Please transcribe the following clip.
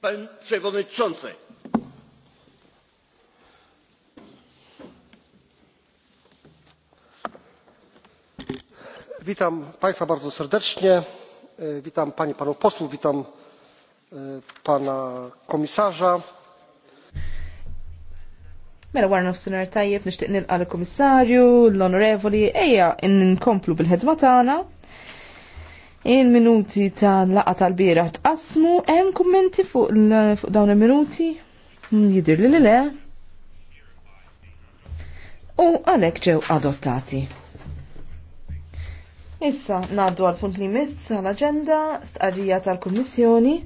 Pan Przewodniczący! Witam Państwa bardzo serdecznie. E, witam Panie, Panów Posłów. Witam e, Pana Komisarza. Mela war nofsinhar tajjeb nixtieq nilqa' l-Kummissarju, l-Onorevoli, ejja nkomplu bil-ħedma tagħna. Il-minuti ta' laqa tal-bira tqasmu hemm kummenti fuq dawn il-minuti? Hmm, jidir li le. U għalek ġew adottati. Issa naddu għal punt li miss għal-agenda stqarrija tal-Kummissjoni.